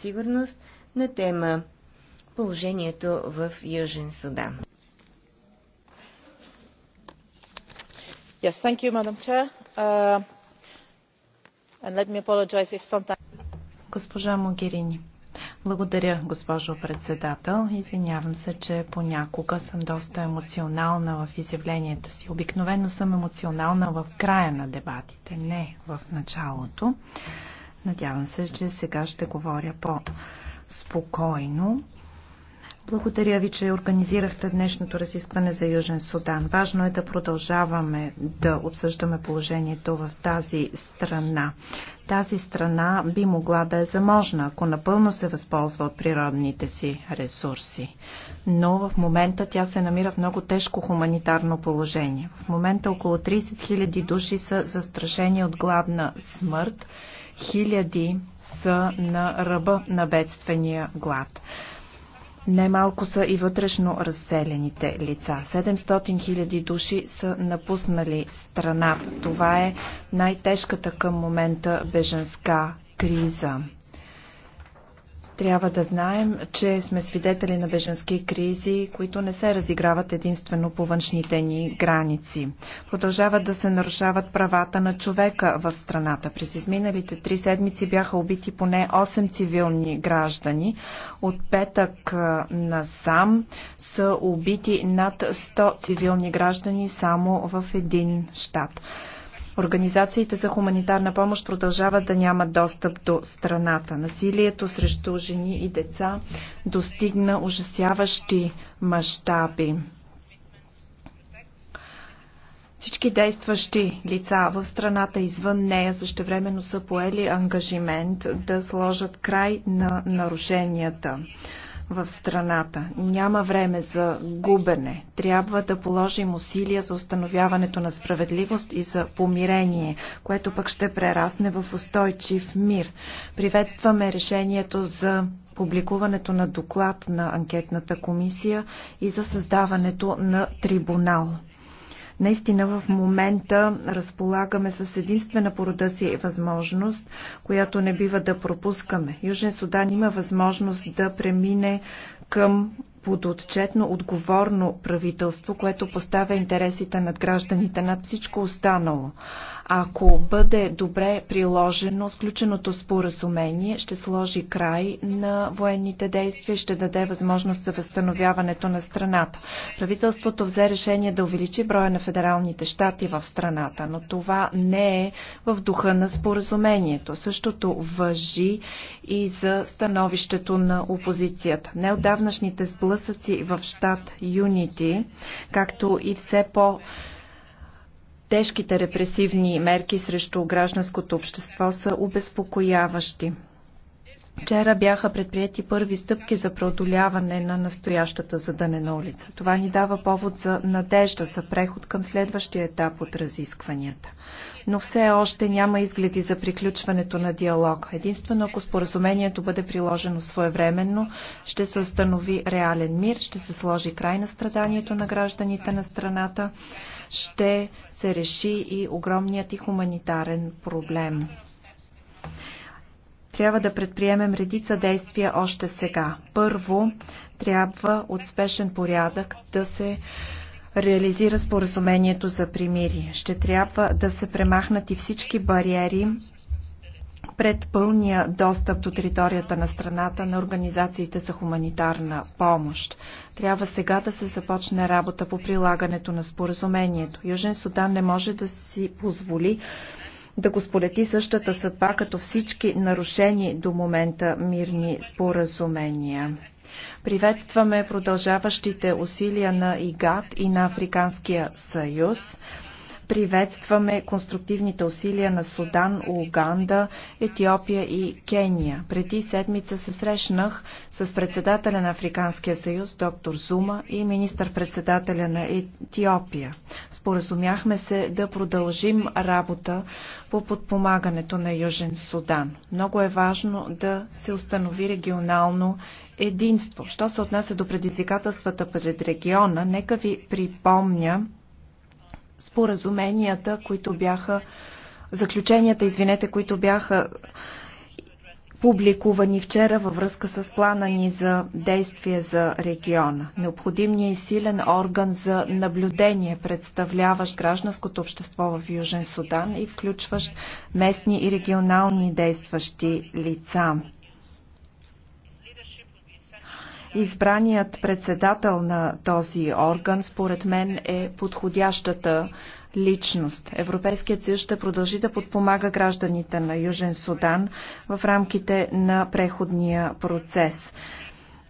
сигурност на тема Положението в Южен Судан. Yes, thank you, Madam Chair. Uh, and let me apologize if sometimes... Госпожа Могерини. Благодаря, госпожо председател. Извинявам се, че понякога съм доста емоционална в изявленията си. Обикновено съм емоционална в края на дебатите, не в началото. Надявам се, че сега ще говоря по-спокойно. Благодаря ви, че организирахте днешното разискване за Южен Судан. Важно е да продължаваме да обсъждаме положението в тази страна. Тази страна би могла да е заможна, ако напълно се възползва от природните си ресурси. Но в момента тя се намира в много тежко хуманитарно положение. В момента около 30 000 души са застрашени от гладна смърт Хиляди са на ръба на бедствения глад. Немалко са и вътрешно разселените лица. 700 хиляди души са напуснали страната. Това е най-тежката към момента беженска криза. Трябва да знаем, че сме свидетели на беженски кризи, които не се разиграват единствено по външните ни граници. Продължават да се нарушават правата на човека в страната. През изминалите три седмици бяха убити поне 8 цивилни граждани. От петък насам са убити над 100 цивилни граждани само в един щат. Организациите за хуманитарна помощ продължават да нямат достъп до страната. Насилието срещу жени и деца достигна ужасяващи мащаби. Всички действащи лица в страната извън нея същевременно са поели ангажимент да сложат край на нарушенията в страната. Няма време за губене. Трябва да положим усилия за установяването на справедливост и за помирение, което пък ще прерасне в устойчив мир. Приветстваме решението за публикуването на доклад на анкетната комисия и за създаването на трибунал. Наистина в момента разполагаме с единствена порода си възможност, която не бива да пропускаме. Южен Судан има възможност да премине към подотчетно отговорно правителство, което поставя интересите над гражданите над всичко останало. Ако бъде добре приложено сключеното споразумение, ще сложи край на военните действия и ще даде възможност за възстановяването на страната. Правителството взе решение да увеличи броя на федералните щати в страната, но това не е в духа на споразумението. Същото въжи и за становището на опозицията. Неодавнашните сблъсъци сблъсъци в щат Юнити, както и все по- тежките репресивни мерки срещу гражданското общество са обезпокояващи. Вчера бяха предприяти първи стъпки за преодоляване на настоящата задънена улица. Това ни дава повод за надежда, за преход към следващия етап от разискванията. Но все още няма изгледи за приключването на диалог. Единствено, ако споразумението бъде приложено своевременно, ще се установи реален мир, ще се сложи край на страданието на гражданите на страната, ще се реши и огромният и хуманитарен проблем трябва да предприемем редица действия още сега. Първо, трябва от спешен порядък да се реализира споразумението за примири. Ще трябва да се премахнат и всички бариери пред пълния достъп до територията на страната на организациите за хуманитарна помощ. Трябва сега да се започне работа по прилагането на споразумението. Южен Судан не може да си позволи да го сполети същата съдба като всички нарушени до момента мирни споразумения. Приветстваме продължаващите усилия на ИГАТ и на Африканския съюз Приветстваме конструктивните усилия на Судан, Уганда, Етиопия и Кения. Преди седмица се срещнах с председателя на Африканския съюз, доктор Зума и министър-председателя на Етиопия. Споразумяхме се да продължим работа по подпомагането на Южен Судан. Много е важно да се установи регионално единство. Що се отнася до предизвикателствата пред региона, нека ви припомня, споразуменията, които бяха, заключенията, извинете, които бяха публикувани вчера във връзка с плана ни за действие за региона. Необходим ни е силен орган за наблюдение, представляващ гражданското общество в Южен Судан и включващ местни и регионални действащи лица избраният председател на този орган, според мен, е подходящата личност. Европейският съюз ще продължи да подпомага гражданите на Южен Судан в рамките на преходния процес.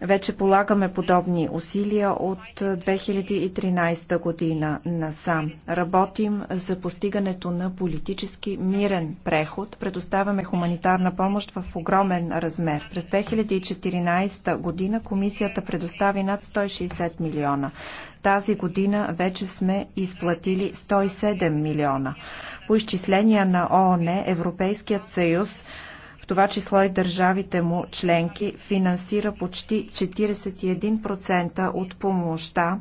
Вече полагаме подобни усилия от 2013 година насам. Работим за постигането на политически мирен преход. Предоставяме хуманитарна помощ в огромен размер. През 2014 година комисията предостави над 160 милиона. Тази година вече сме изплатили 107 милиона. По изчисления на ООН, Европейският съюз това число и държавите му членки, финансира почти 41% от помощта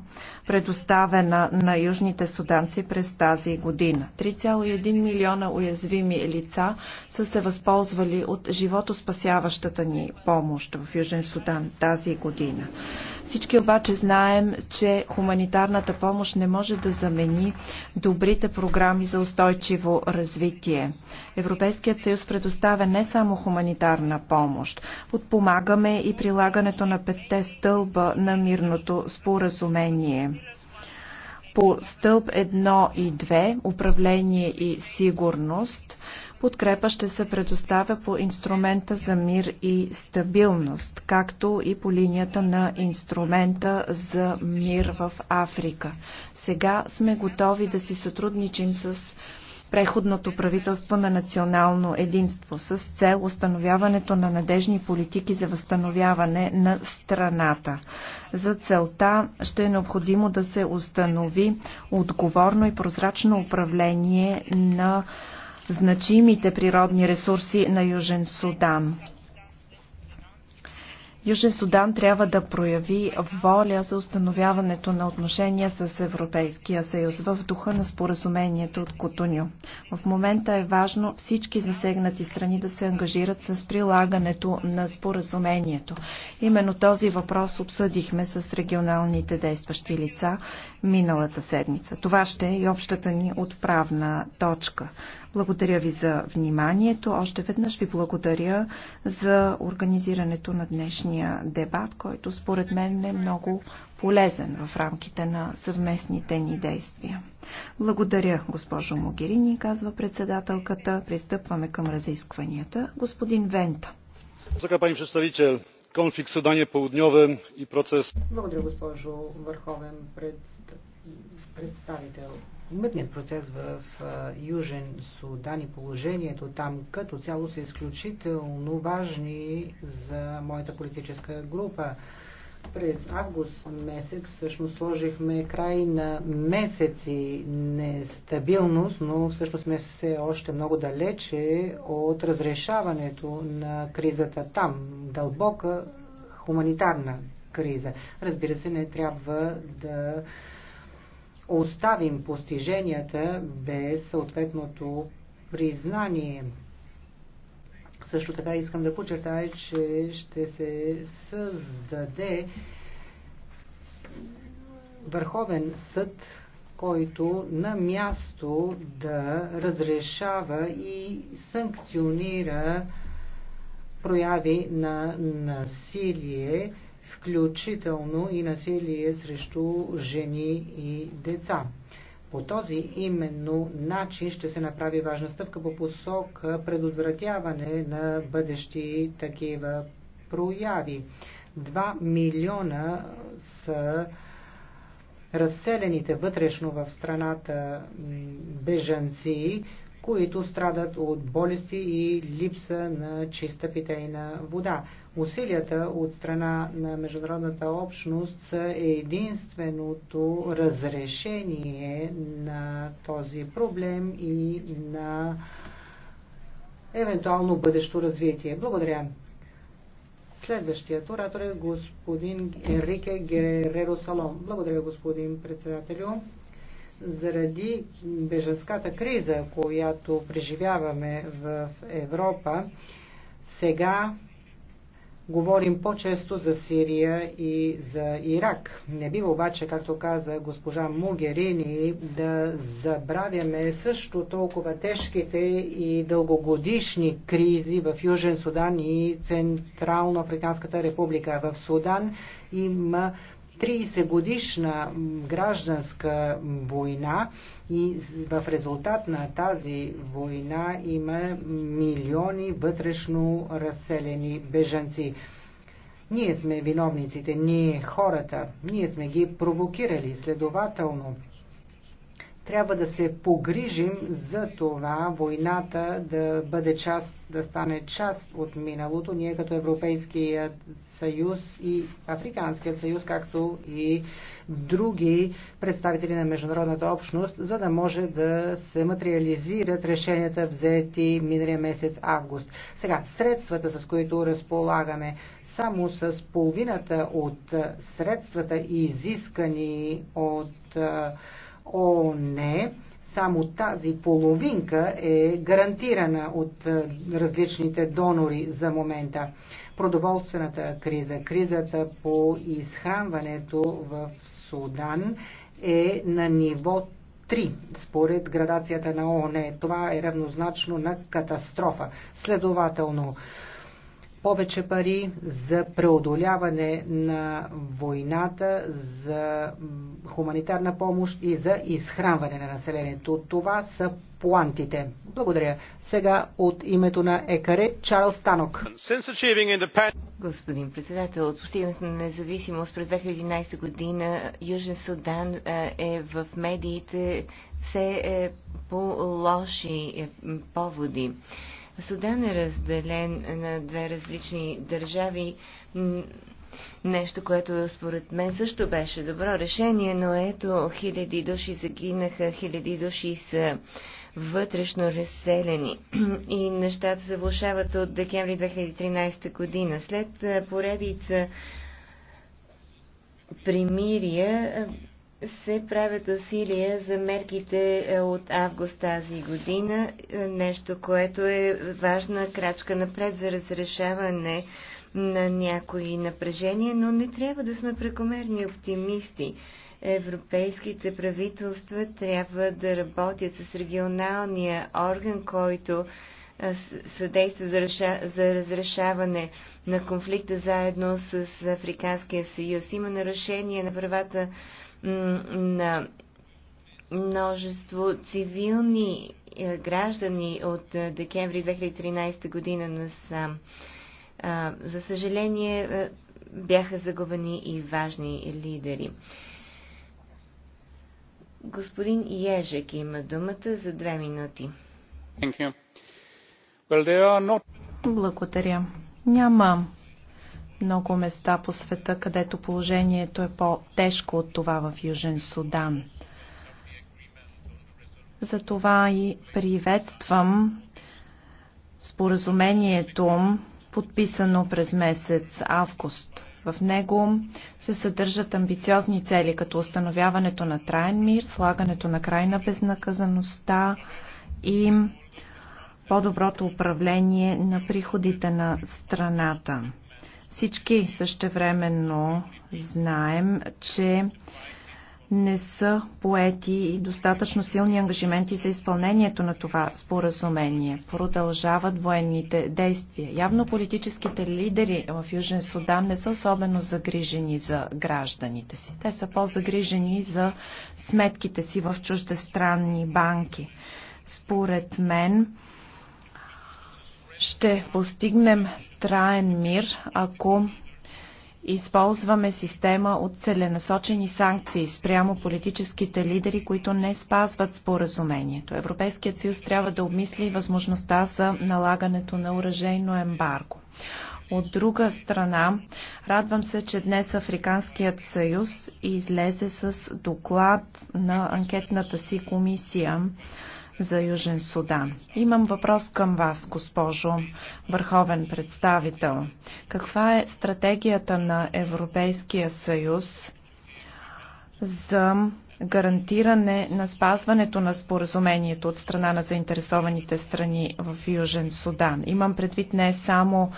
предоставена на южните суданци през тази година. 3,1 милиона уязвими лица са се възползвали от животоспасяващата ни помощ в Южен Судан тази година. Всички обаче знаем, че хуманитарната помощ не може да замени добрите програми за устойчиво развитие. Европейският съюз предоставя не само хуманитарна помощ. Подпомагаме и прилагането на петте стълба на мирното споразумение. По стълб 1 и 2, управление и сигурност, подкрепа ще се предоставя по инструмента за мир и стабилност, както и по линията на инструмента за мир в Африка. Сега сме готови да си сътрудничим с преходното правителство на национално единство с цел установяването на надежни политики за възстановяване на страната. За целта ще е необходимо да се установи отговорно и прозрачно управление на значимите природни ресурси на Южен Судан. Южен Судан трябва да прояви воля за установяването на отношения с Европейския съюз в духа на споразумението от Котоню. В момента е важно всички засегнати страни да се ангажират с прилагането на споразумението. Именно този въпрос обсъдихме с регионалните действащи лица миналата седмица. Това ще е и общата ни отправна точка. Благодаря ви за вниманието. Още веднъж ви благодаря за организирането на днешния дебат, който според мен е много полезен в рамките на съвместните ни действия. Благодаря, госпожо Могерини, казва председателката. Пристъпваме към разискванията. Господин Вента. Конфликт Судане Поудньовен и процес. Благодаря, госпожо Върховен пред... представител мътният процес в Южен Судан и положението там като цяло са изключително важни за моята политическа група. През август месец всъщност сложихме край на месеци нестабилност, но всъщност сме все още много далече от разрешаването на кризата там. Дълбока хуманитарна криза. Разбира се, не трябва да оставим постиженията без съответното признание. Също така искам да подчертая, че ще се създаде Върховен съд, който на място да разрешава и санкционира прояви на насилие включително и насилие срещу жени и деца. По този именно начин ще се направи важна стъпка по посока предотвратяване на бъдещи такива прояви. 2 милиона са разселените вътрешно в страната бежанци, които страдат от болести и липса на чиста питейна вода. Усилията от страна на международната общност са единственото разрешение на този проблем и на евентуално бъдещо развитие. Благодаря. Следващият оратор е господин Енрике Гереро Салом. Благодаря, господин председателю заради беженската криза, която преживяваме в Европа, сега говорим по-често за Сирия и за Ирак. Не бива обаче, както каза госпожа Мугерини, да забравяме също толкова тежките и дългогодишни кризи в Южен Судан и Централно Африканската република. В Судан има 30 годишна гражданска война и в резултат на тази война има милиони вътрешно разселени бежанци. Ние сме виновниците, ние хората, ние сме ги провокирали следователно трябва да се погрижим за това войната да бъде част, да стане част от миналото. Ние като Европейският съюз и Африканският съюз, както и други представители на международната общност, за да може да се материализират решенията взети миналия месец август. Сега, средствата, с които разполагаме, само с половината от средствата изискани от О, не! Само тази половинка е гарантирана от е, различните донори за момента. Продоволствената криза, кризата по изхранването в Судан е на ниво 3, според градацията на ООН. Това е равнозначно на катастрофа. Следователно, повече пари за преодоляване на войната, за хуманитарна помощ и за изхранване на населението. Това са плантите. Благодаря. Сега от името на ЕКАРЕ Чарлз Танок. Господин председател, от постигането на независимост през 2011 година Южен Судан е, е в медиите все е, по лоши е, поводи. Судан е разделен на две различни държави. Нещо, което според мен също беше добро решение, но ето хиляди души загинаха, хиляди души са вътрешно разселени и нещата се влушават от декември 2013 година. След поредица примирия се правят усилия за мерките е, от август тази година, е, нещо, което е важна крачка напред за разрешаване на някои напрежения, но не трябва да сме прекомерни оптимисти. Европейските правителства трябва да работят с регионалния орган, който е, съдейства за, реша... за разрешаване на конфликта заедно с Африканския съюз. Има нарушение на правата на множество цивилни е, граждани от е, декември 2013 година насам. За съжаление, е, бяха загубени и важни лидери. Господин Ежек има думата за две минути. Благодаря. Няма много места по света, където положението е по-тежко от това в Южен Судан. Затова и приветствам споразумението, подписано през месец август. В него се съдържат амбициозни цели, като установяването на траен мир, слагането на край на безнаказаността и по-доброто управление на приходите на страната. Всички същевременно знаем, че не са поети и достатъчно силни ангажименти за изпълнението на това споразумение. Продължават военните действия. Явно политическите лидери в Южен Судан не са особено загрижени за гражданите си. Те са по-загрижени за сметките си в чуждестранни банки. Според мен, ще постигнем траен мир, ако използваме система от целенасочени санкции спрямо политическите лидери, които не спазват споразумението. Европейският съюз трябва да обмисли възможността за налагането на уражейно ембарго. От друга страна, радвам се, че днес Африканският съюз излезе с доклад на анкетната си комисия за Южен Судан. Имам въпрос към вас, госпожо върховен представител. Каква е стратегията на Европейския съюз за гарантиране на спазването на споразумението от страна на заинтересованите страни в Южен Судан? Имам предвид не само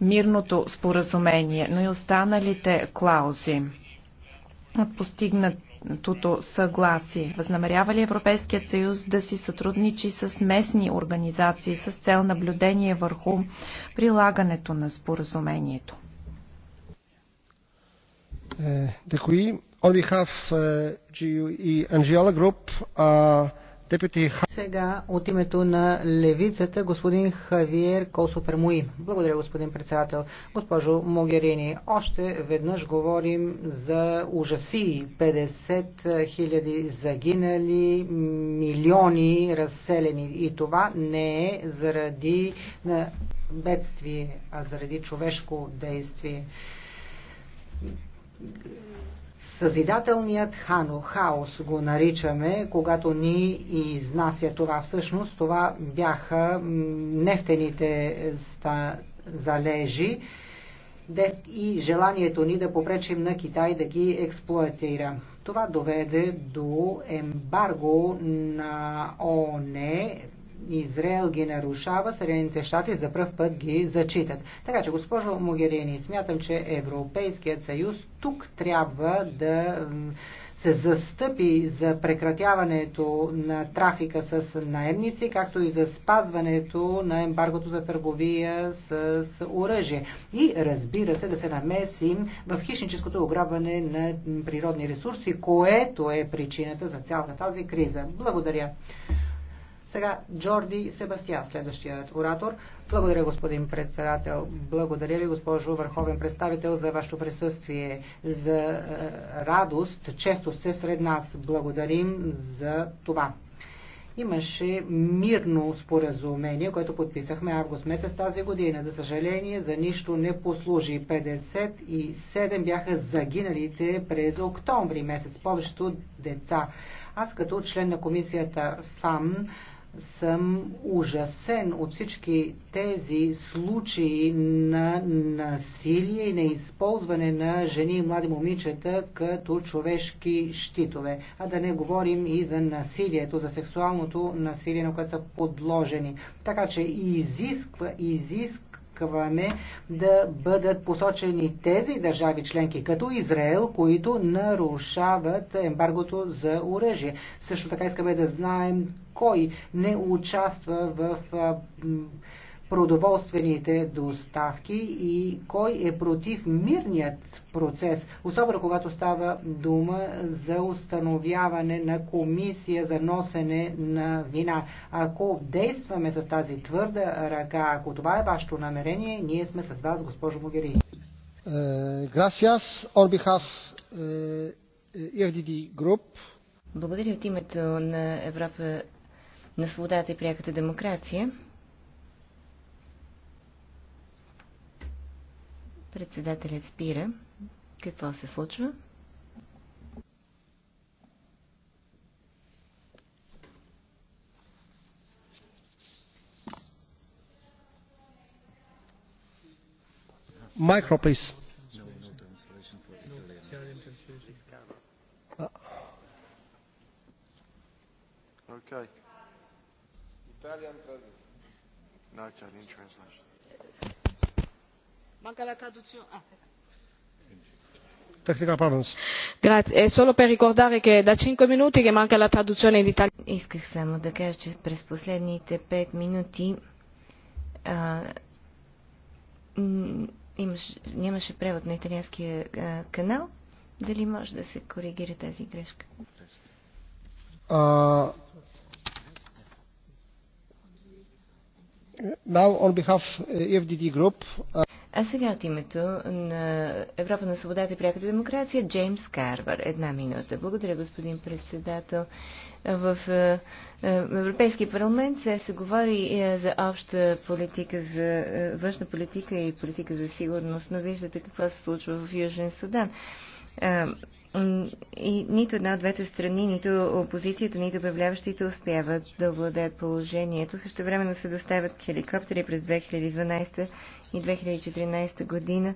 мирното споразумение, но и останалите клаузи. от Постигнат постигнатото съгласие? Възнамерява ли Европейският съюз да си сътрудничи с местни организации с цел наблюдение върху прилагането на споразумението? Е, Дякую. On behalf of е, GUE Angela Group, uh, сега от името на левицата господин Хавиер Косопермуи. Благодаря, господин председател. Госпожо Могерини, още веднъж говорим за ужаси. 50 хиляди загинали, милиони разселени. И това не е заради бедствие, а заради човешко действие Съзидателният хано, хаос го наричаме, когато ни изнася това всъщност, това бяха нефтените залежи и желанието ни да попречим на Китай да ги експлуатира. Това доведе до ембарго на ОНЕ. Израел ги нарушава, Съединените щати за пръв път ги зачитат. Така че, госпожо Могерини, смятам, че Европейският съюз тук трябва да се застъпи за прекратяването на трафика с наемници, както и за спазването на ембаргото за търговия с, с оръжие. И разбира се да се намесим в хищническото ограбване на природни ресурси, което е причината за цялата тази криза. Благодаря. Сега Джорди Себастия, следващият оратор. Благодаря, господин председател. Благодаря ви, госпожо Върховен представител, за вашето присъствие. За е, радост, често сте сред нас. Благодарим за това имаше мирно споразумение, което подписахме август месец тази година. За съжаление, за нищо не послужи. 57 бяха загиналите през октомври месец, повечето деца. Аз като член на комисията ФАМ съм ужасен от всички тези случаи на насилие и на използване на жени и млади момичета като човешки щитове. А да не говорим и за насилието, за сексуалното насилие, на което са подложени. Така че изисква, изисква изискване да бъдат посочени тези държави членки, като Израел, които нарушават ембаргото за оръжие. Също така искаме да знаем кой не участва в продоволствените доставки и кой е против мирният процес, особено когато става дума за установяване на комисия за носене на вина. Ако действаме с тази твърда ръка, ако това е вашето намерение, ние сме с вас, госпожо Могери. Е, грасиас, on behalf EFDD е, Group. Благодаря от името на Европа на свободата и пряката демокрация. Председателят спира. Какво се случва? Micro, please. Okay. Italian translation. No Italian translation. Manca la traduzione. Ah. Grazie. È solo per ricordare che da 5 minuti che manca la traduzione in italiano. Исках само да кажа, че през последните 5 минути а, имаш, нямаше превод на италианския а, канал. Дали може да се коригира тази грешка? А, now on behalf of the EFDD group, uh, а сега от името на Европа на свободата и пряката демокрация, Джеймс Карвар. Една минута. Благодаря, господин председател. В е, е, Европейския парламент се, се говори е, за обща политика, за външна политика и политика за сигурност, но виждате какво се случва в Южен Судан. Е, и нито една от двете страни, нито опозицията, нито управляващите успяват да овладеят положението. Също времено се доставят хеликоптери през 2012 и 2014 година.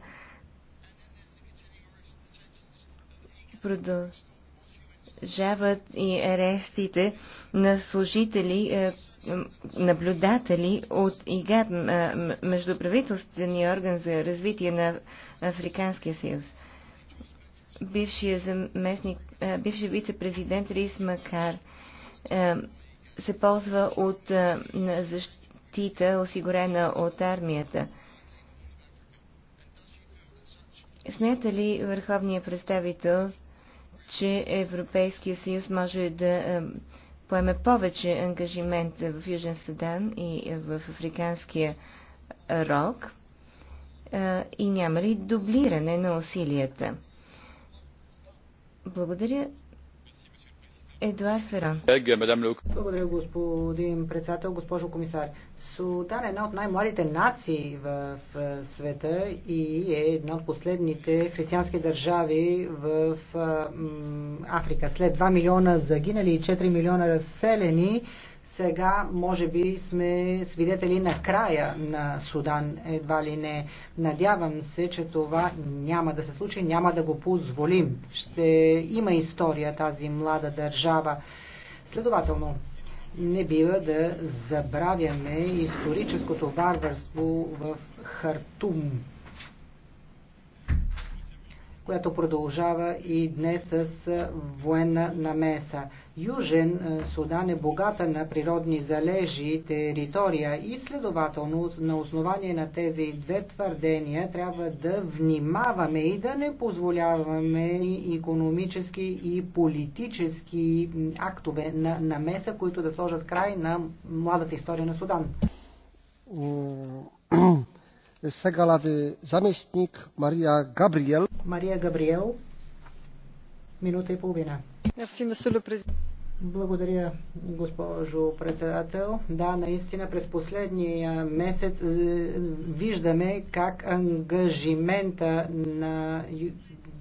Продължават и арестите на служители, е, наблюдатели от ИГАД, Междуправителствения орган за развитие на Африканския съюз бившия заместник, бившия вице-президент Рис Макар се ползва от защита, осигурена от армията. Смята ли върховният представител, че Европейския съюз може да поеме повече ангажимент в Южен Судан и в Африканския рог? И няма ли дублиране на усилията? Благодаря. Едуард Феран. Благодаря, господин председател, госпожо комисар. Судан е една от най-младите нации в света и е една от последните християнски държави в Африка. След 2 милиона загинали и 4 милиона разселени, сега, може би, сме свидетели на края на Судан, едва ли не. Надявам се, че това няма да се случи, няма да го позволим. Ще има история тази млада държава. Следователно, не бива да забравяме историческото варварство в Хартум която продължава и днес с военна намеса. Южен Судан е богата на природни залежи, територия и следователно на основание на тези две твърдения трябва да внимаваме и да не позволяваме економически и политически актове на намеса, които да сложат край на младата история на Судан. Сега лади заместник Мария Габриел Мария Габриел, минута и половина. Благодаря, госпожо председател. Да, наистина през последния месец е, виждаме как ангажимента на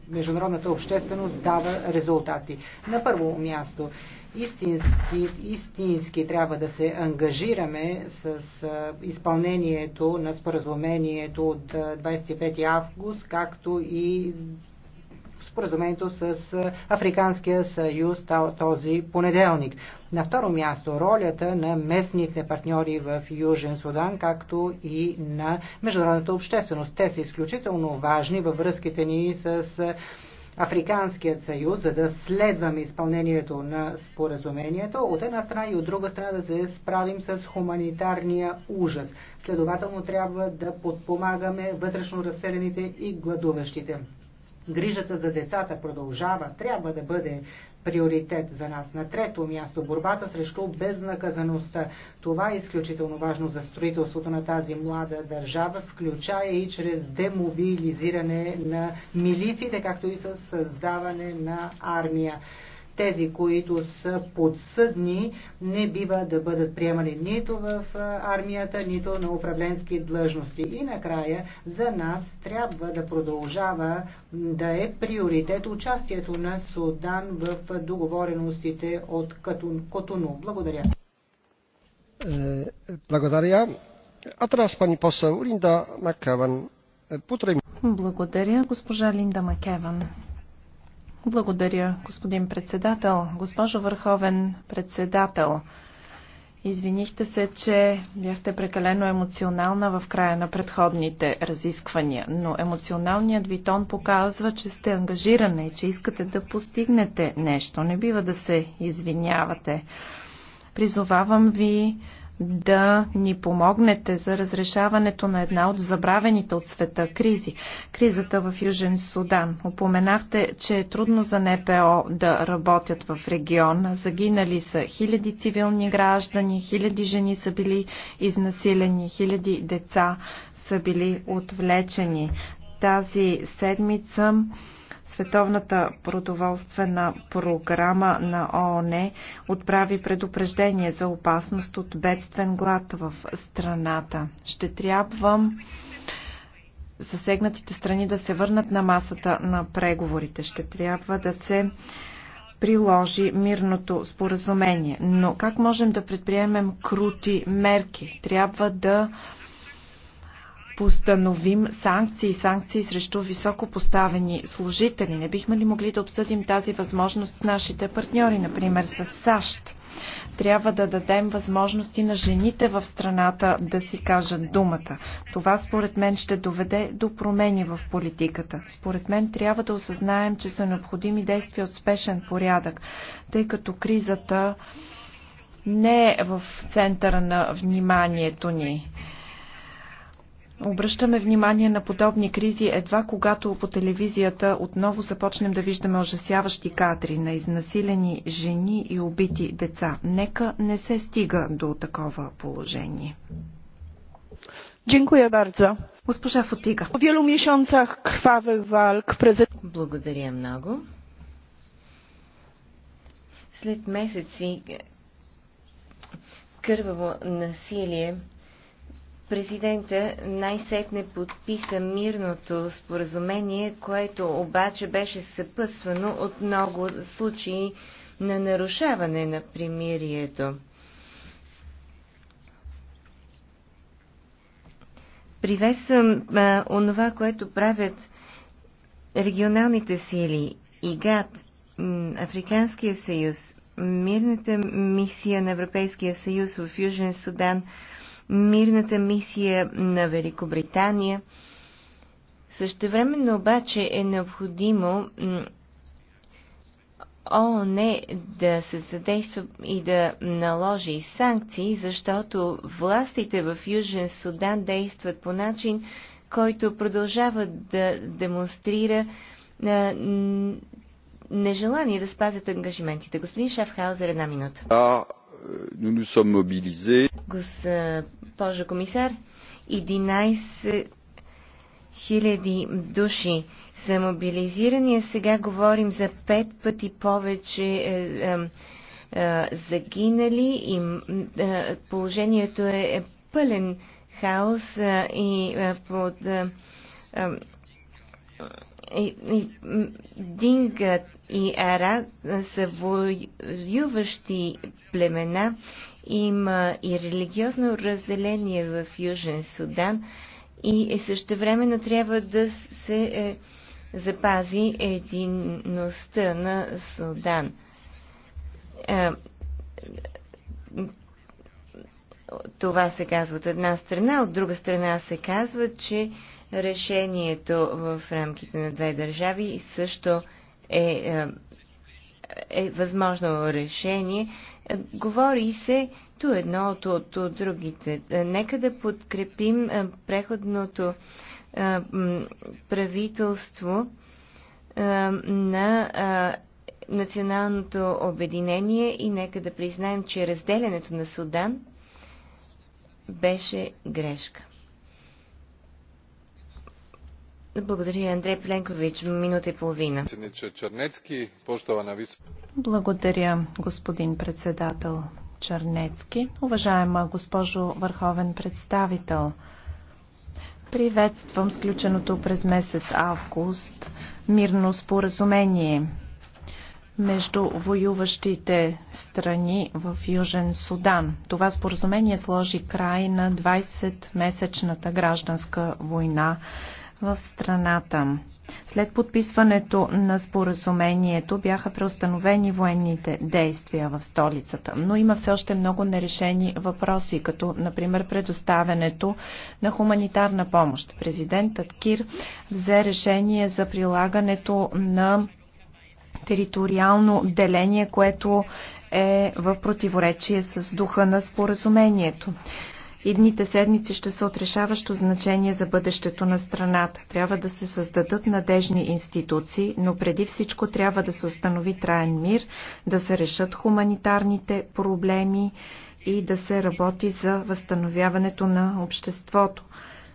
международната общественост дава резултати. На първо място истински, истински трябва да се ангажираме с изпълнението на споразумението от 25 август, както и споразумението с Африканския съюз този понеделник. На второ място ролята на местните партньори в Южен Судан, както и на международната общественост. Те са изключително важни във връзките ни с Африканският съюз, за да следваме изпълнението на споразумението, от една страна и от друга страна да се справим с хуманитарния ужас. Следователно трябва да подпомагаме вътрешно разселените и гладуващите. Грижата за децата продължава, трябва да бъде приоритет за нас. На трето място борбата срещу безнаказаността. Това е изключително важно за строителството на тази млада държава, включая и чрез демобилизиране на милициите, както и с създаване на армия тези, които са подсъдни, не бива да бъдат приемани нито в армията, нито на управленски длъжности. И накрая за нас трябва да продължава да е приоритет участието на Судан в договореностите от Котуну. Благодаря. Е, благодаря. А с пани посъл Линда Макаван. Благодаря, госпожа Линда Макеван. Благодаря, господин председател. Госпожо Върховен председател, извинихте се, че бяхте прекалено емоционална в края на предходните разисквания, но емоционалният ви тон показва, че сте ангажирана и че искате да постигнете нещо. Не бива да се извинявате. Призовавам ви да ни помогнете за разрешаването на една от забравените от света кризи – кризата в Южен Судан. Упоменахте, че е трудно за НПО да работят в региона. Загинали са хиляди цивилни граждани, хиляди жени са били изнасилени, хиляди деца са били отвлечени. Тази седмица Световната продоволствена програма на ООН отправи предупреждение за опасност от бедствен глад в страната. Ще трябва засегнатите страни да се върнат на масата на преговорите. Ще трябва да се приложи мирното споразумение. Но как можем да предприемем крути мерки? Трябва да постановим санкции, санкции срещу високо поставени служители? Не бихме ли могли да обсъдим тази възможност с нашите партньори, например с САЩ? Трябва да дадем възможности на жените в страната да си кажат думата. Това според мен ще доведе до промени в политиката. Според мен трябва да осъзнаем, че са необходими действия от спешен порядък, тъй като кризата не е в центъра на вниманието ни. Обръщаме внимание на подобни кризи едва когато по телевизията отново започнем да виждаме ужасяващи кадри на изнасилени жени и убити деца. Нека не се стига до такова положение. Dziękuję bardzo. Госпожа Фотига. В wielu miesiącach krwawych валк президент. Благодаря много. След месеци кърваво насилие президента най-сетне подписа мирното споразумение, което обаче беше съпътствано от много случаи на нарушаване на примирието. Приветствам а, онова, което правят регионалните сили, ИГАТ, Африканския съюз, мирната мисия на Европейския съюз в Южен Судан – мирната мисия на Великобритания. Същевременно обаче е необходимо ООН да се съдейства и да наложи санкции, защото властите в Южен Судан действат по начин, който продължава да демонстрира нежелание да спазят ангажиментите. Господин Шафхаузер, една минута nous nous sommes mobilisés. Госпожо комисар, 11 000 души са мобилизирани, а сега говорим за пет пъти повече е, е, е, загинали и е, положението е пълен хаос е, и е, под е, е, Динга и Ара са воюващи племена. Има и религиозно разделение в Южен Судан и е също времено трябва да се е, запази единността на Судан. Е, това се казва от една страна, от друга страна се казва, че решението в рамките на две държави и също е, е, е, възможно решение. Говори се ту едно от, от, другите. Нека да подкрепим е, преходното е, правителство на националното обединение и нека да признаем, че разделянето на Судан беше грешка. Благодаря, Андрей Пленкович. Минута и половина. Благодаря, господин председател Чернецки. Уважаема госпожо Върховен представител, приветствам сключеното през месец август мирно споразумение между воюващите страни в Южен Судан. Това споразумение сложи край на 20-месечната гражданска война в страната. След подписването на споразумението бяха преустановени военните действия в столицата, но има все още много нерешени въпроси, като например предоставянето на хуманитарна помощ. Президентът Кир взе решение за прилагането на териториално деление, което е в противоречие с духа на споразумението. Идните седмици ще са отрешаващо значение за бъдещето на страната. Трябва да се създадат надежни институции, но преди всичко трябва да се установи траен мир, да се решат хуманитарните проблеми и да се работи за възстановяването на обществото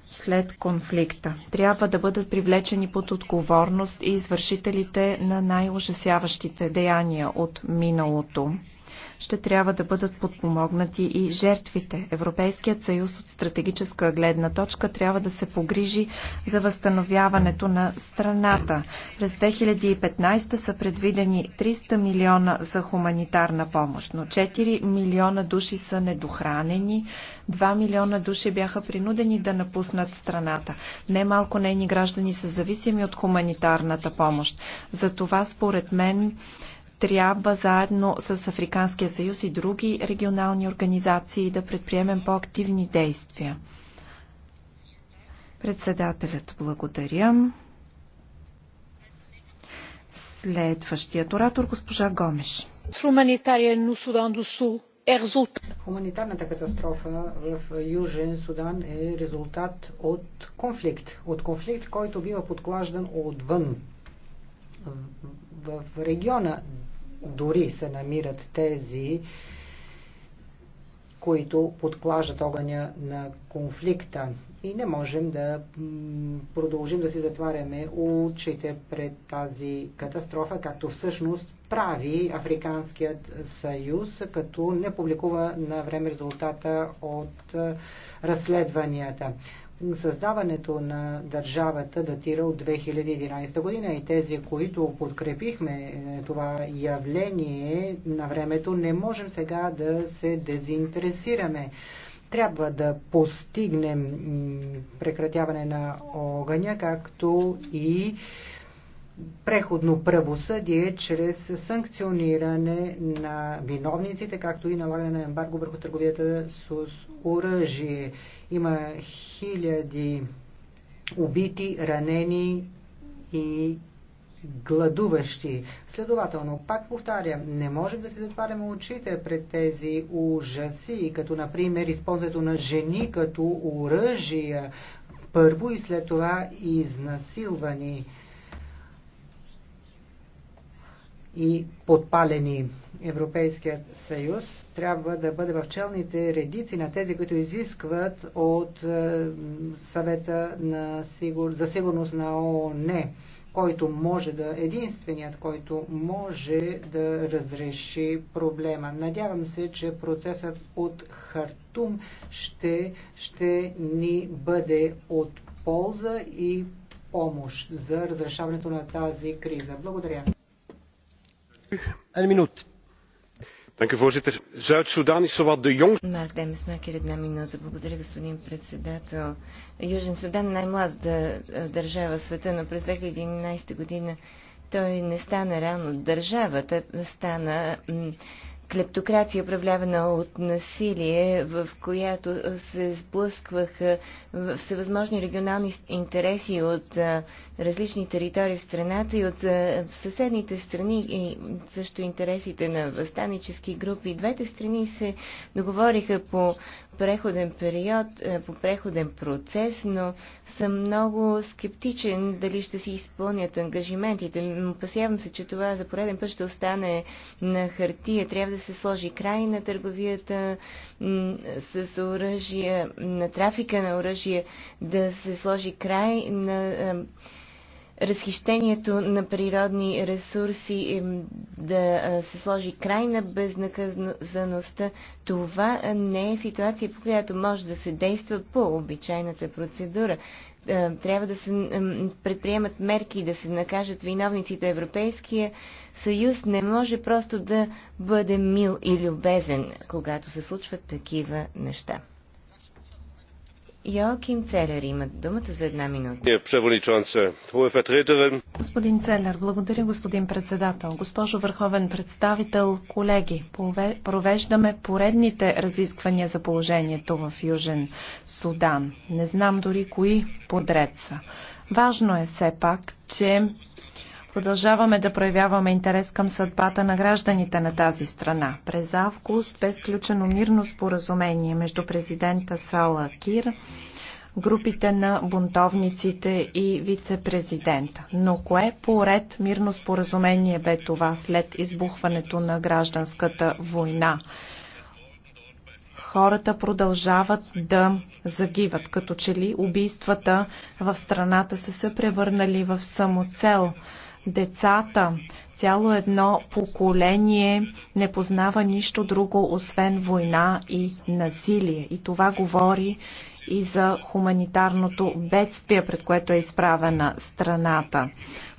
след конфликта. Трябва да бъдат привлечени под отговорност и извършителите на най-ужасяващите деяния от миналото ще трябва да бъдат подпомогнати и жертвите. Европейският съюз от стратегическа гледна точка трябва да се погрижи за възстановяването на страната. През 2015 са предвидени 300 милиона за хуманитарна помощ, но 4 милиона души са недохранени, 2 милиона души бяха принудени да напуснат страната. Немалко нейни граждани са зависими от хуманитарната помощ. За това, според мен, трябва заедно с Африканския съюз и други регионални организации да предприемем по-активни действия. Председателят благодаря. Следващият оратор госпожа Гомеш. Хуманитариен Судан до Сул е резултат. Хуманитарната катастрофа в Южен Судан е резултат от конфликт. От конфликт, който бива подклаждан отвън. В региона дори се намират тези, които подклажат огъня на конфликта. И не можем да продължим да си затваряме очите пред тази катастрофа, както всъщност прави Африканският съюз, като не публикува на време резултата от разследванията. Създаването на държавата датира от 2011 година и тези, които подкрепихме е, това явление на времето, не можем сега да се дезинтересираме. Трябва да постигнем прекратяване на огъня, както и преходно правосъдие чрез санкциониране на виновниците, както и налагане на ембарго върху търговията с оръжие. Има хиляди убити, ранени и гладуващи. Следователно, пак повтарям, не може да си затваряме очите пред тези ужаси, като например използването на жени като оръжия, първо и след това изнасилвани и подпалени. Европейският съюз трябва да бъде в челните редици на тези, които изискват от е, съвета на сигур... за сигурност на ООН, който може да единственият, който може да разреши проблема. Надявам се, че процесът от Хартум ще, ще ни бъде от полза и помощ за разрешаването на тази криза. Благодаря. Една минута voorzitter zuid soedan is zowat de jongste. Марк една минута. Южен Судан е най-младата е, държава в света, но през 2011 година той не стана реално държава, той стана клептокрация, управлявана от насилие, в която се сблъскваха всевъзможни регионални интереси от различни територии в страната и от съседните страни и също интересите на възстанически групи. Двете страни се договориха по преходен период, по преходен процес, но съм много скептичен дали ще си изпълнят ангажиментите. Опасявам се, че това за пореден път ще остане на хартия. Трябва да се сложи край на търговията с оръжие, на трафика на оръжие, да се сложи край на разхищението на природни ресурси, да се сложи край на безнаказаността, това не е ситуация, по която може да се действа по обичайната процедура. Е, трябва да се предприемат мерки да се накажат виновниците. Европейския съюз не може просто да бъде мил и любезен, когато се случват такива неща. Йоаким Целер има думата за една минута. Е, господин Целер, благодаря господин председател. Госпожо Върховен представител, колеги, провеждаме поредните разисквания за положението в Южен Судан. Не знам дори кои подред са. Важно е все пак, че Продължаваме да проявяваме интерес към съдбата на гражданите на тази страна. През август бе сключено мирно споразумение между президента Сала Кир, групите на бунтовниците и вице-президента. Но кое поред мирно споразумение бе това след избухването на гражданската война? хората продължават да загиват, като че ли убийствата в страната се са превърнали в самоцел децата. Цяло едно поколение не познава нищо друго, освен война и насилие. И това говори и за хуманитарното бедствие, пред което е изправена страната.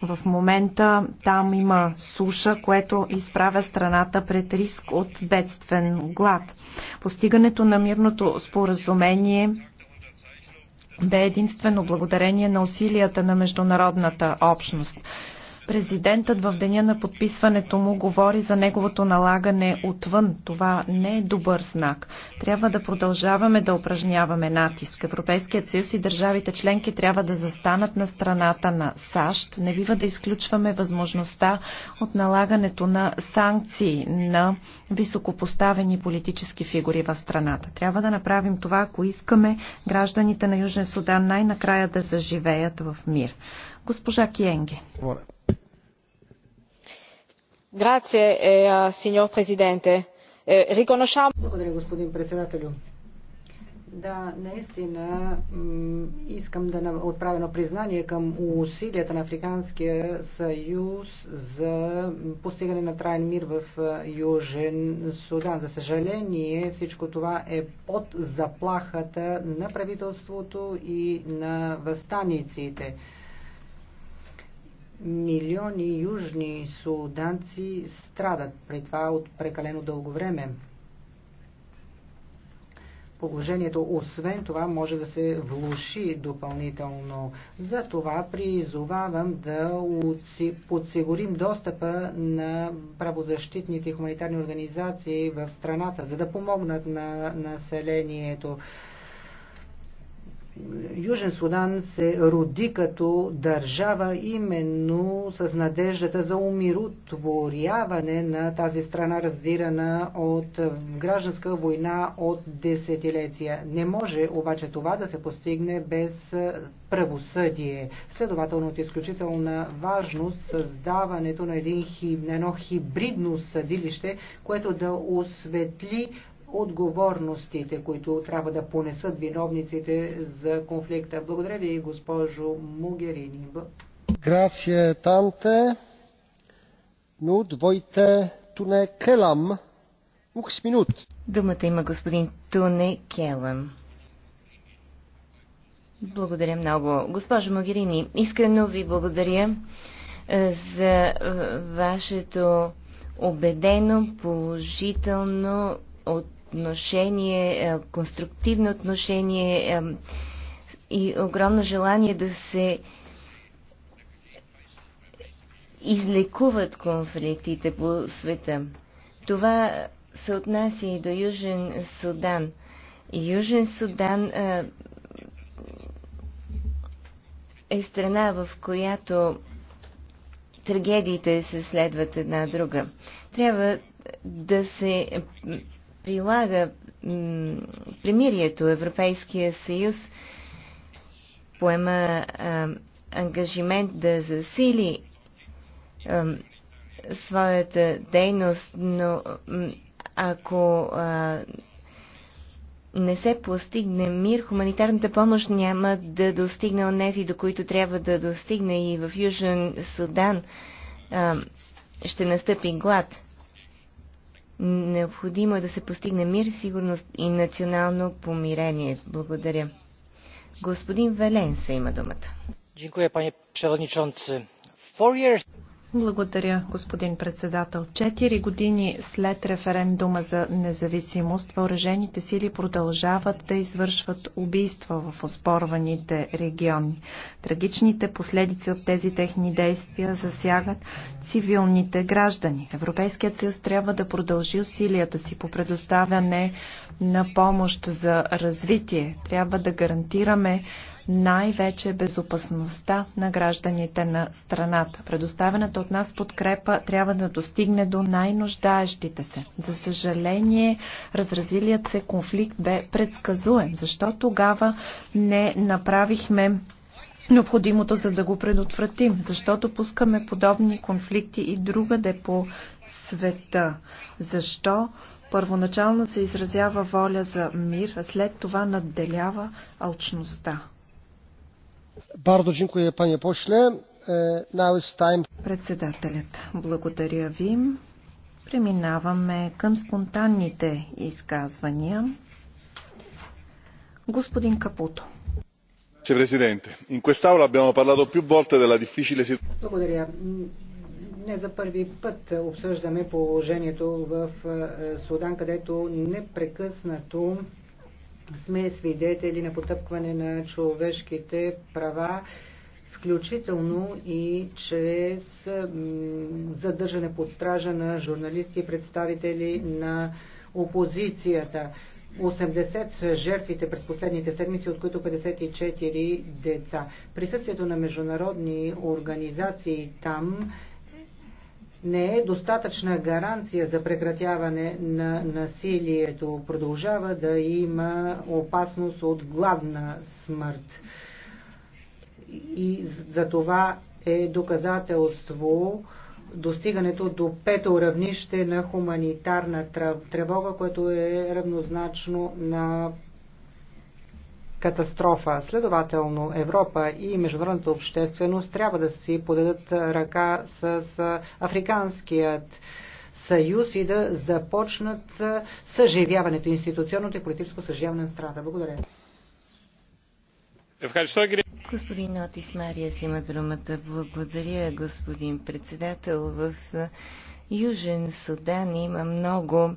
В момента там има суша, което изправя страната пред риск от бедствен глад. Постигането на мирното споразумение бе единствено благодарение на усилията на международната общност. Президентът в деня на подписването му говори за неговото налагане отвън. Това не е добър знак. Трябва да продължаваме да упражняваме натиск. Европейският съюз и държавите членки трябва да застанат на страната на САЩ. Не бива да изключваме възможността от налагането на санкции на високопоставени политически фигури в страната. Трябва да направим това, ако искаме гражданите на Южен Судан най-накрая да заживеят в мир. Госпожа Киенге. Eh, eh, Благодаря, господин председателю. Да, наистина искам да отправя на признание към усилията на Африканския съюз за постигане на траен мир в е, Южен Судан. За съжаление, всичко това е под заплахата на правителството и на възстаниците милиони южни суданци страдат при това от прекалено дълго време. Положението, освен това, може да се влуши допълнително. За това призовавам да подсигурим достъпа на правозащитните хуманитарни организации в страната, за да помогнат на населението. Южен Судан се роди като държава именно с надеждата за умиротворяване на тази страна, раздирана от гражданска война от десетилетия. Не може обаче това да се постигне без правосъдие. Следователно от изключителна важност създаването на един, едно хибридно съдилище, което да осветли отговорностите, които трябва да понесат виновниците за конфликта. Благодаря ви, госпожо Мугерини. Грация, танте. Но двойте туне келам. Мукс минут. Думата има господин Туне Келам. Благодаря много. Госпожо Магирини, искрено ви благодаря е, за е, вашето убедено, положително, от отношение, е, конструктивно отношение е, и огромно желание да се излекуват конфликтите по света. Това се отнася и до Южен Судан. Южен Судан е, е страна, в която трагедиите се следват една друга. Трябва да се прилага примирието. Европейския съюз поема а, ангажимент да засили а, своята дейност, но ако а, не се постигне мир, хуманитарната помощ няма да достигне онези, до които трябва да достигне и в Южен Судан а, ще настъпи глад. Необходимо е да се постигне мир, сигурност и национално помирение. Благодаря. Господин Велен се има думата. Дякую, пане przewodniczący. Four years... Благодаря, господин председател. Четири години след референдума за независимост, въоръжените сили продължават да извършват убийства в оспорваните региони. Трагичните последици от тези техни действия засягат цивилните граждани. Европейският съюз трябва да продължи усилията си по предоставяне на помощ за развитие. Трябва да гарантираме най-вече безопасността на гражданите на страната. Предоставената от нас подкрепа трябва да достигне до най-нуждаещите се. За съжаление, разразилият се конфликт бе предсказуем. Защо тогава не направихме необходимото, за да го предотвратим, защото пускаме подобни конфликти и другаде по света. Защо първоначално се изразява воля за мир, а след това надделява алчността. Бардо пане пошле. Председателят, благодаря ви. Преминаваме към спонтанните изказвания. Господин Капуто. in quest'Aula abbiamo parlato più volte della difficile situazione. Благодаря. Не за първи път обсъждаме положението в е, Судан, където непрекъснато сме свидетели на потъпкване на човешките права, включително и чрез задържане под стража на журналисти и представители на опозицията. 80 са жертвите през последните седмици, от които 54 деца. Присъствието на международни организации там не е достатъчна гаранция за прекратяване на насилието. Продължава да има опасност от гладна смърт. И за това е доказателство достигането до пето равнище на хуманитарна тревога, което е равнозначно на катастрофа. Следователно, Европа и международната общественост трябва да си подадат ръка с африканският съюз и да започнат съживяването, институционното и политическо съживяване на страната. Благодаря. Господин Нотис Мария си има думата. Благодаря, господин председател. В е, Южен Судан има много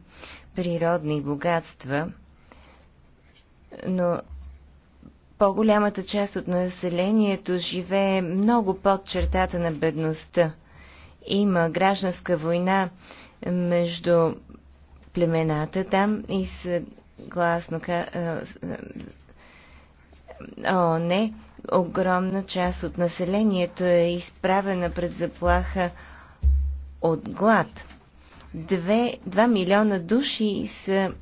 природни богатства, но по-голямата част от населението живее много под чертата на бедността. Има гражданска война между племената там и съгласно О, не, огромна част от населението е изправена пред заплаха от глад. Две, два милиона души са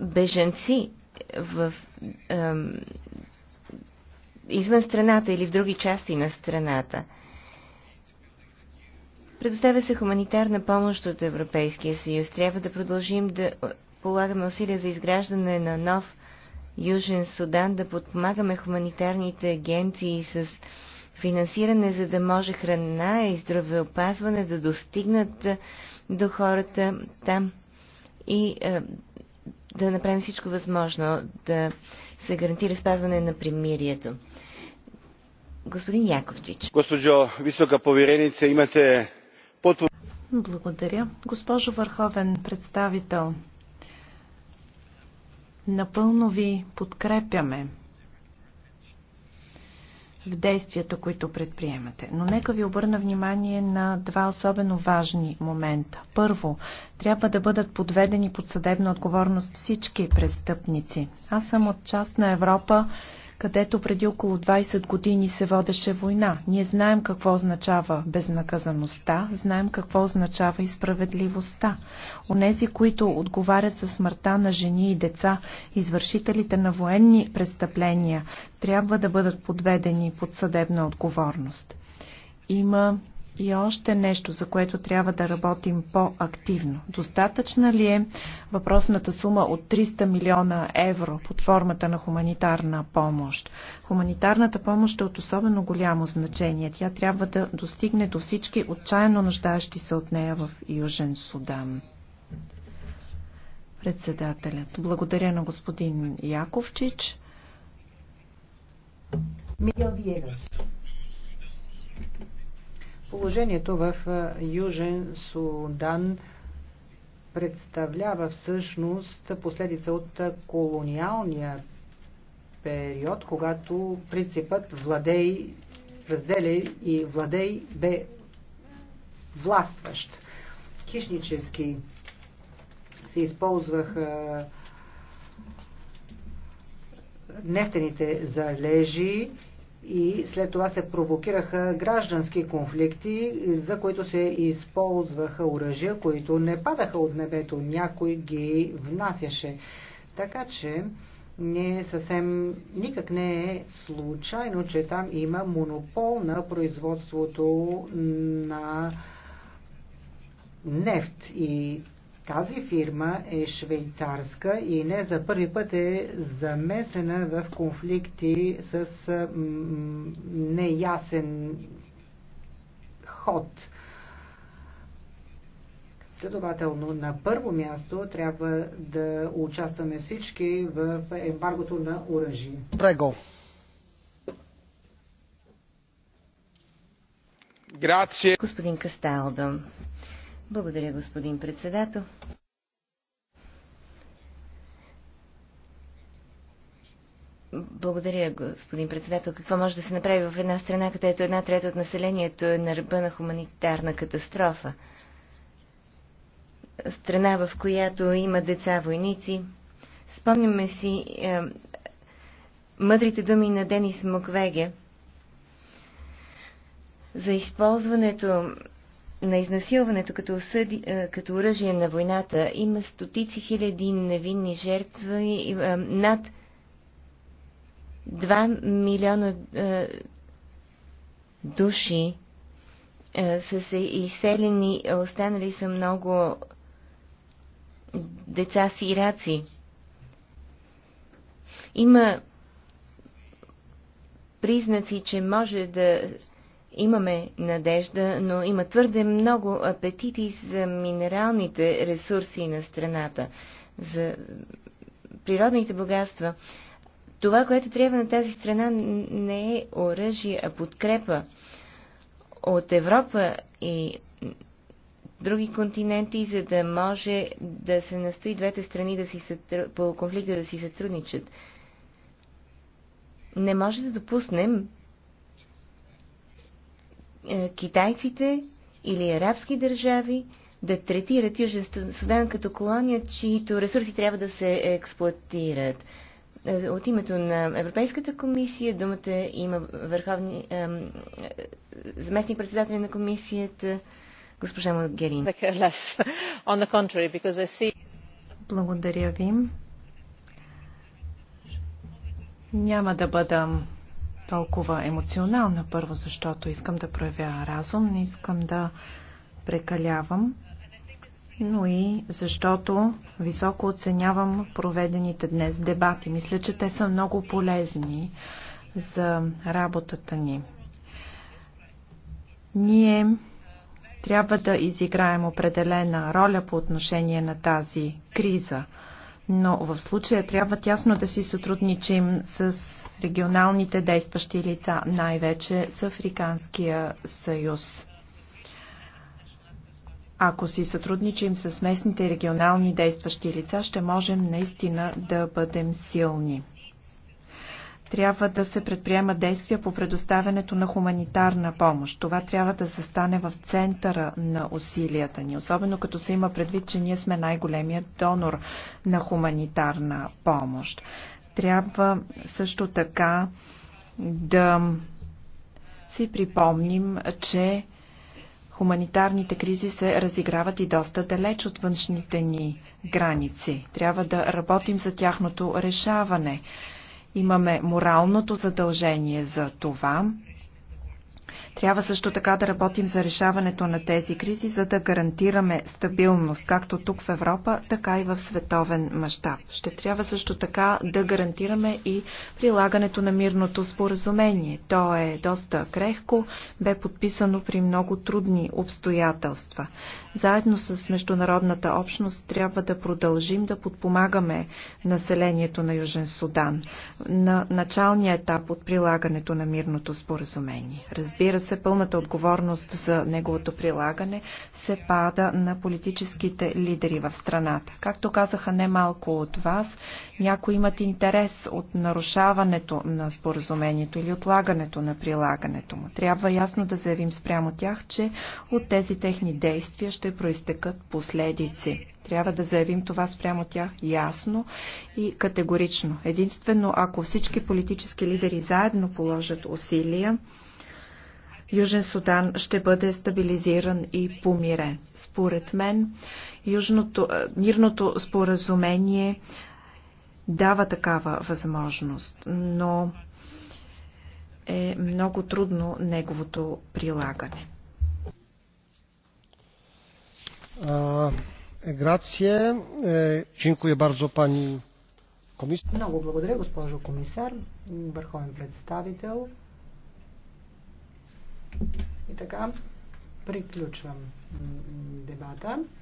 беженци в, е, извън страната или в други части на страната. Предоставя се хуманитарна помощ от Европейския съюз. Трябва да продължим да полагаме усилия за изграждане на нов Южен Судан, да подпомагаме хуманитарните агенции с финансиране, за да може храна и здравеопазване да достигнат до хората там и е, да направим всичко възможно да се гарантира спазване на примирието. Господин Яковчич. Госпожо висока повереница, имате потвор... Благодаря. Госпожо Върховен представител, напълно ви подкрепяме в действията, които предприемате. Но нека ви обърна внимание на два особено важни момента. Първо, трябва да бъдат подведени под съдебна отговорност всички престъпници. Аз съм от част на Европа, където преди около 20 години се водеше война. Ние знаем какво означава безнаказаността, знаем какво означава и справедливостта. Онези, които отговарят за смъртта на жени и деца, извършителите на военни престъпления, трябва да бъдат подведени под съдебна отговорност. Има и още нещо, за което трябва да работим по-активно. Достатъчна ли е въпросната сума от 300 милиона евро под формата на хуманитарна помощ? Хуманитарната помощ е от особено голямо значение. Тя трябва да достигне до всички отчаяно нуждаещи се от нея в Южен Судан. Председателят. Благодаря на господин Яковчич. Мигел Виегас. Положението в Южен Судан представлява всъщност последица от колониалния период, когато принципът владей, разделей и владей бе властващ. Хищнически се използваха нефтените залежи и след това се провокираха граждански конфликти, за които се използваха оръжия, които не падаха от небето, някой ги внасяше. Така че не е съвсем, никак не е случайно, че там има монопол на производството на нефт и тази фирма е швейцарска и не за първи път е замесена в конфликти с неясен ход. Следователно, на първо място трябва да участваме всички в ембаргото на оръжие. Прего. Грация. Господин Касталдо, благодаря, господин председател. Благодаря, господин председател. Какво може да се направи в една страна, където една трета от населението е на ръба на хуманитарна катастрофа? Страна, в която има деца войници. Спомняме си е, мъдрите думи на Денис Муквеге за използването на изнасилването като, осъди, е, като оръжие на войната има стотици хиляди невинни жертви, е, над 2 милиона е, души са се изселени, останали са много деца сираци. Има признаци, че може да Имаме надежда, но има твърде много апетити за минералните ресурси на страната, за природните богатства. Това, което трябва на тази страна, не е оръжие, а подкрепа от Европа и други континенти, за да може да се настои двете страни да си сътру... по конфликта да си сътрудничат. Не може да допуснем е, китайците или арабски държави да третират Южен Судан като колония, чието ресурси трябва да се експлуатират. Е, от името на Европейската комисия думата има върховни, е, заместник на комисията госпожа Магерин. Благодаря ви. Няма да бъда толкова емоционална. Първо, защото искам да проявя разум, не искам да прекалявам, но и защото високо оценявам проведените днес дебати. Мисля, че те са много полезни за работата ни. Ние трябва да изиграем определена роля по отношение на тази криза – но в случая трябва тясно да си сътрудничим с регионалните действащи лица, най-вече с Африканския съюз. Ако си сътрудничим с местните регионални действащи лица, ще можем наистина да бъдем силни трябва да се предприема действия по предоставянето на хуманитарна помощ. Това трябва да се стане в центъра на усилията ни, особено като се има предвид, че ние сме най-големият донор на хуманитарна помощ. Трябва също така да си припомним, че хуманитарните кризи се разиграват и доста далеч от външните ни граници. Трябва да работим за тяхното решаване. Имаме моралното задължение за това трябва също така да работим за решаването на тези кризи, за да гарантираме стабилност, както тук в Европа, така и в световен мащаб. Ще трябва също така да гарантираме и прилагането на мирното споразумение. То е доста крехко, бе подписано при много трудни обстоятелства. Заедно с международната общност трябва да продължим да подпомагаме населението на Южен Судан на началния етап от прилагането на мирното споразумение. Разбира се, се пълната отговорност за неговото прилагане се пада на политическите лидери в страната. Както казаха немалко от вас, някои имат интерес от нарушаването на споразумението или отлагането на прилагането му. Трябва ясно да заявим спрямо тях, че от тези техни действия ще проистекат последици. Трябва да заявим това спрямо тях ясно и категорично. Единствено, ако всички политически лидери заедно положат усилия, Южен Судан ще бъде стабилизиран и помирен. Според мен, южното, мирното споразумение дава такава възможност, но е много трудно неговото прилагане. Е, грация. Чинкуя е, бързо, пани комисар. Много благодаря, госпожо комисар, върховен представител. И така, приключвам дебата.